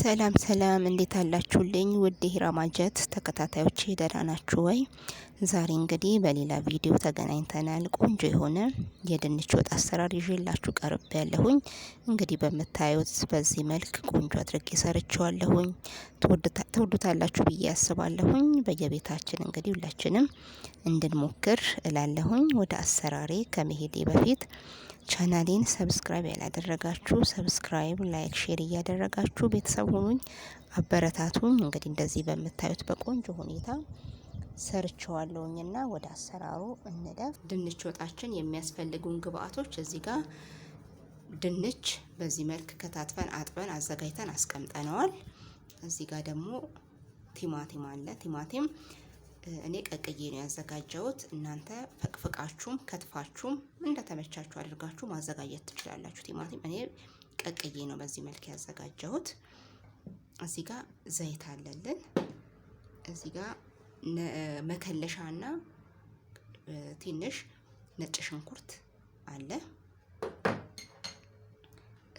ሰላም ሰላም፣ እንዴት አላችሁልኝ? ውድ ሂራማጀት ተከታታዮች ደህና ናችሁ ወይ? ዛሬ እንግዲህ በሌላ ቪዲዮ ተገናኝተናል። ቆንጆ የሆነ የድንች ወጥ አሰራር ይዤላችሁ ቀርብ ያለሁኝ። እንግዲህ በምታዩት በዚህ መልክ ቆንጆ አድርጌ ሰርቸዋለሁኝ። ትወዱታላችሁ ብዬ ያስባለሁኝ። በየቤታችን እንግዲህ ሁላችንም እንድንሞክር እላለሁኝ። ወደ አሰራሬ ከመሄዴ በፊት ቻናሌን ሰብስክራይብ ያላደረጋችሁ ሰብስክራይብ፣ ላይክ፣ ሼር እያደረጋችሁ ቤተሰብ ሆኑኝ፣ አበረታቱኝ። እንግዲህ እንደዚህ በምታዩት በቆንጆ ሁኔታ ሰርቸዋለሁኝና ወደ አሰራሩ እንደፍ። ድንች ወጣችን የሚያስፈልጉን ግብአቶች እዚህ ጋር ድንች በዚህ መልክ ከታትፈን አጥበን አዘጋጅተን አስቀምጠነዋል። እዚህ ጋር ደግሞ ቲማቲም አለ። ቲማቲም እኔ ቀቅዬ ነው ያዘጋጀሁት። እናንተ ፈቅፍቃችሁም ከትፋችሁም እንደተመቻችሁ አድርጋችሁ ማዘጋጀት ትችላላችሁ። ቲማቲም እኔ ቀቅዬ ነው በዚህ መልክ ያዘጋጀሁት። እዚህ ጋር ዘይት አለልን። እዚህ ጋር መከለሻና ትንሽ ነጭ ሽንኩርት አለ።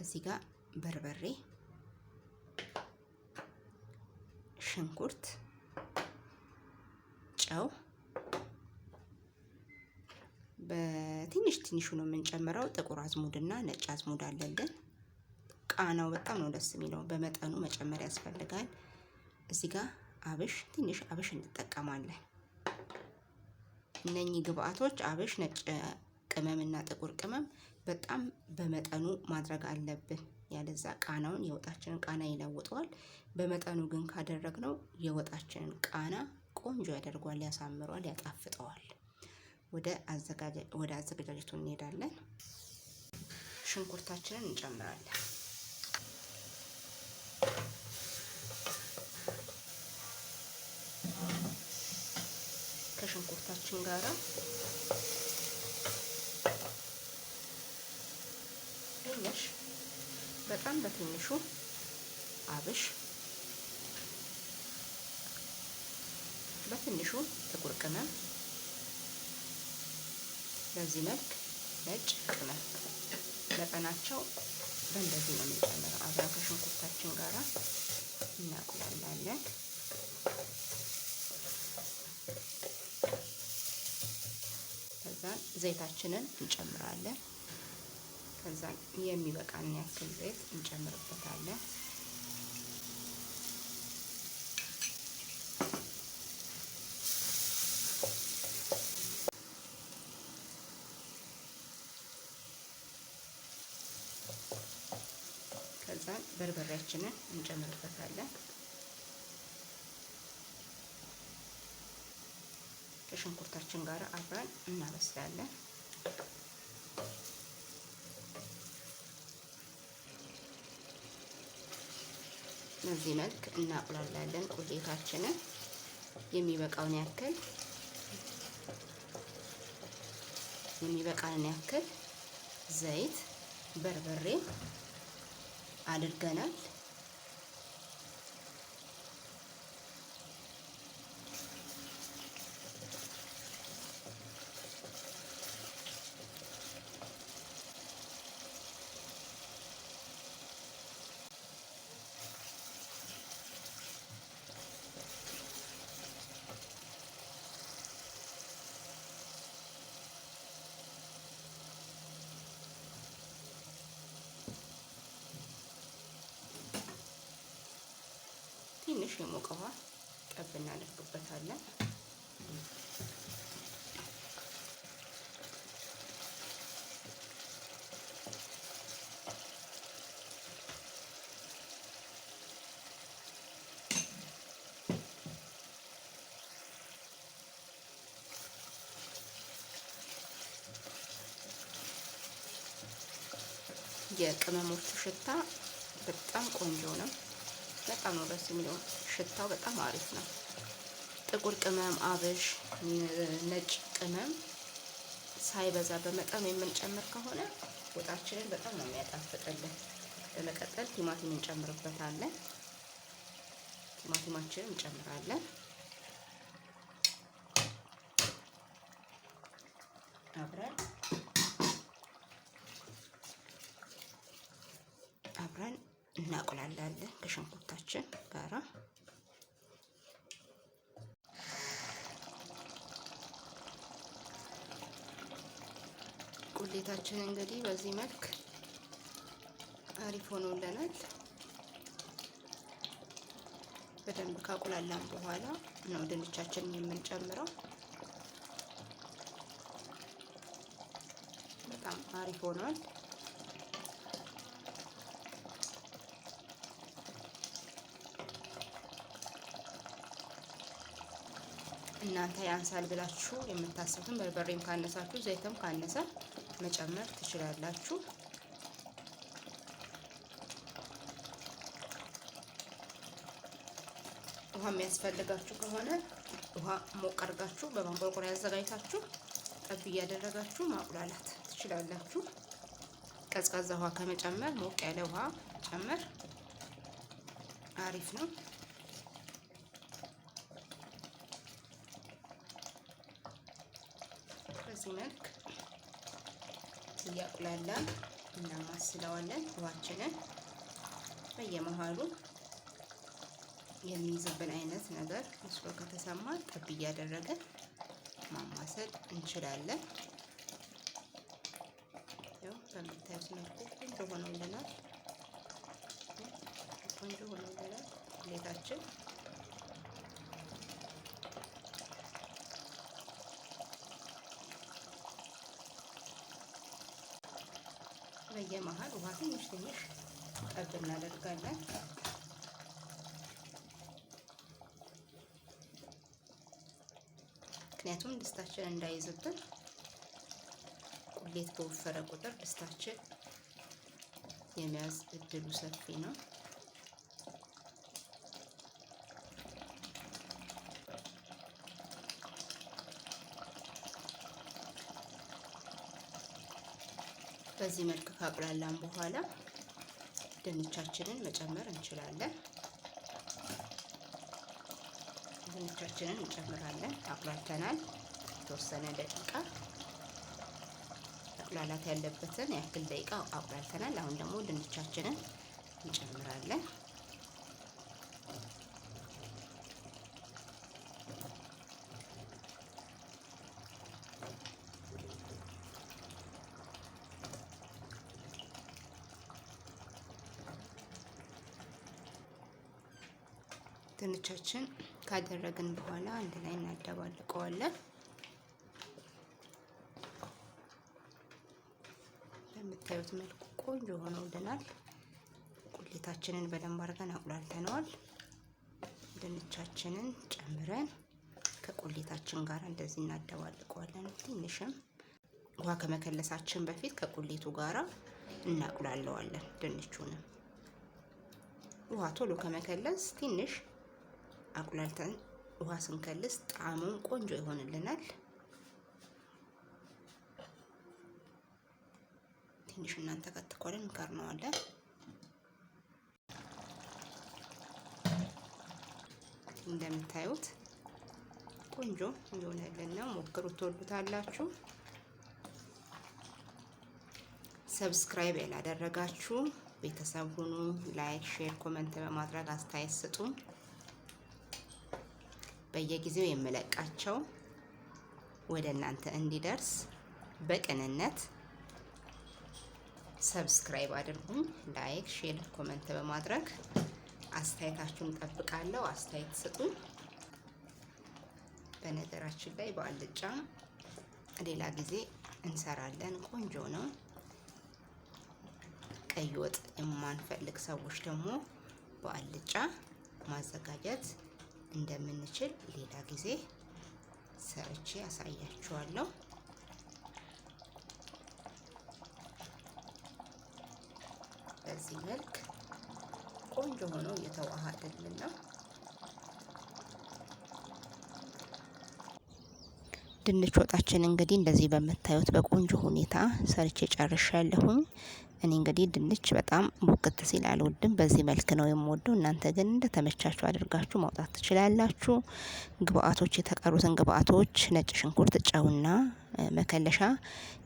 እዚህ ጋር በርበሬ፣ ሽንኩርት ጨው በትንሽ ትንሹ ነው የምንጨምረው። ጥቁር አዝሙድና ነጭ አዝሙድ አለልን። ቃናው በጣም ነው ደስ የሚለው። በመጠኑ መጨመር ያስፈልጋል። እዚህ ጋር አብሽ ትንሽ አብሽ እንጠቀማለን። እነኚህ ግብአቶች አብሽ፣ ነጭ ቅመም እና ጥቁር ቅመም በጣም በመጠኑ ማድረግ አለብን። ያለዛ ቃናውን የወጣችንን ቃና ይለውጠዋል። በመጠኑ ግን ካደረግነው የወጣችንን ቃና ቆንጆ ያደርጓል፣ ያሳምረዋል ያጣፍጠዋል። ወደ አዘገጃጀቱ እንሄዳለን። ሽንኩርታችንን እንጨምራለን። ከሽንኩርታችን ጋር ትንሽ በጣም በትንሹ አብሽ በትንሹ ጥቁር ቅመም፣ በዚህ መልክ ነጭ ቅመም መጠናቸው በእንደዚህ ነው የሚጨምረው። አብረን ከሽንኩርታችን ጋር እናቁላላለን። ከዛን ዘይታችንን እንጨምራለን። ከዛ የሚበቃን ያክል ዘይት እንጨምርበታለን። ከዛን በርበሬያችንን እንጨምርበታለን። ከሽንኩርታችን ጋር አብረን እናበስላለን። በዚህ መልክ እናቁላላለን ቁሌታችንን የሚበቃውን ያክል የሚበቃንን ያክል ዘይት በርበሬ ആഡ് ትንሽ የሞቀ ውሃ ጠብ እናደርግበታለን። የቅመሞቹ ሽታ በጣም ቆንጆ ነው። በጣም ነው ደስ የሚለው። ሽታው በጣም አሪፍ ነው። ጥቁር ቅመም፣ አብሽ፣ ነጭ ቅመም ሳይበዛ በመጠኑ የምንጨምር ከሆነ ወጣችንን በጣም ነው የሚያጣፍጥልን። በመቀጠል ቲማቲም እንጨምርበታለን። ቲማቲማችንን እንጨምራለን። አብረን እናቁላላለን ከሽንኩርታችን ጋራ ቁሌታችን እንግዲህ በዚህ መልክ አሪፍ ሆኖልናል። በደንብ ካቁላላን በኋላ ነው ድንቻችንን የምንጨምረው። በጣም አሪፍ ሆኗል። እናንተ ያንሳል ብላችሁ የምታስቡትን በርበሬም ካነሳችሁ ዘይትም ካነሰ መጨመር ትችላላችሁ። ውሃ የሚያስፈልጋችሁ ከሆነ ውሃ ሞቅ አድርጋችሁ በማንቆርቆሪያ ያዘጋጅታችሁ ጠብ እያደረጋችሁ ማቁላላት ትችላላችሁ። ቀዝቃዛ ውሃ ከመጨመር ሞቅ ያለ ውሃ ጨመር አሪፍ ነው። መልክ እያቁላላን እናማስለዋለን። ውሃችንን በየመሃሉ የሚይዝብን አይነት ነገር መስሎ ከተሰማ ጠብ እያደረገን ማማሰል እንችላለን። ያው በምታዩት መልኩ ቆንጆ ሆኖልናል። ቆንጆ ሆኖልናል ሌታችን የመሀል ውሃ ትንሽ ትንሽ ጠብ እናደርጋለን። ምክንያቱም ድስታችን እንዳይዝብን ቁሌት በወፈረ ቁጥር ድስታችን የመያዝ እድሉ ሰፊ ነው። በዚህ መልክ ካቁላላን በኋላ ድንቻችንን መጨመር እንችላለን። ድንቻችንን እንጨምራለን። አቁላልተናል። የተወሰነ ደቂቃ መቁላላት ያለበትን ያክል ደቂቃ አቁላልተናል። አሁን ደግሞ ድንቻችንን እንጨምራለን። ድንቻችን ካደረግን በኋላ አንድ ላይ እናደባልቀዋለን። በምታዩት መልኩ ቆንጆ ሆነውልናል። ቁሌታችንን በደንብ አድርገን አቁላልተነዋል። ድንቻችንን ጨምረን ከቁሌታችን ጋር እንደዚህ እናደባልቀዋለን። ትንሽም ውሃ ከመከለሳችን በፊት ከቁሌቱ ጋር እናቁላለዋለን። ድንቹንም ውሃ ቶሎ ከመከለስ ትንሽ አቁላልተን ውሃ ስንከልስ ጣዕሙን ቆንጆ ይሆንልናል። ትንሽ እናንተ ከተኮልን እንከርነዋለን። እንደምታዩት ቆንጆ እየሆነልን ነው። ሞክሩት፣ ትወዱታላችሁ። ሰብስክራይብ ያላደረጋችሁ ቤተሰብ ሁኑ። ላይክ፣ ሼር፣ ኮመንት በማድረግ አስተያየት ስጡም። በየጊዜው የምለቃቸው ወደ እናንተ እንዲደርስ በቅንነት ሰብስክራይብ አድርጉኝ። ላይክ፣ ሼር፣ ኮመንት በማድረግ አስተያየታችሁን ጠብቃለሁ። አስተያየት ስጡኝ። በነገራችን ላይ በአልጫ ሌላ ጊዜ እንሰራለን። ቆንጆ ነው። ቀይ ወጥ የማንፈልግ ሰዎች ደግሞ በአልጫ ማዘጋጀት እንደምንችል ሌላ ጊዜ ሰርቼ አሳያችኋለሁ። በዚህ መልክ ቆንጆ ሆኖ እየተዋሃደልን ነው። ድንች ወጣችን እንግዲህ እንደዚህ በምታዩት በቆንጆ ሁኔታ ሰርቼ ጨርሻለሁኝ። እኔ እንግዲህ ድንች በጣም ቡክት ሲል አልወድም። በዚህ መልክ ነው የምወደው። እናንተ ግን እንደ ተመቻችሁ አድርጋችሁ ማውጣት ትችላላችሁ። ግብአቶች የተቀሩትን ግብአቶች ነጭ ሽንኩርት፣ ጨውና መከለሻ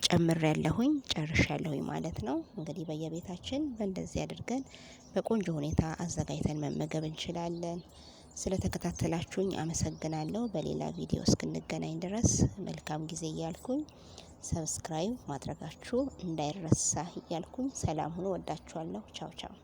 ጨምር ያለሁኝ ጨርሽ ያለሁኝ ማለት ነው። እንግዲህ በየቤታችን በእንደዚህ አድርገን በቆንጆ ሁኔታ አዘጋጅተን መመገብ እንችላለን። ስለተከታተላችሁኝ አመሰግናለሁ። በሌላ ቪዲዮ እስክንገናኝ ድረስ መልካም ጊዜ እያልኩኝ ሰብስክራይብ ማድረጋችሁ እንዳይረሳ እያልኩኝ ሰላም ሁኑ። ወዳችኋለሁ። ቻው ቻው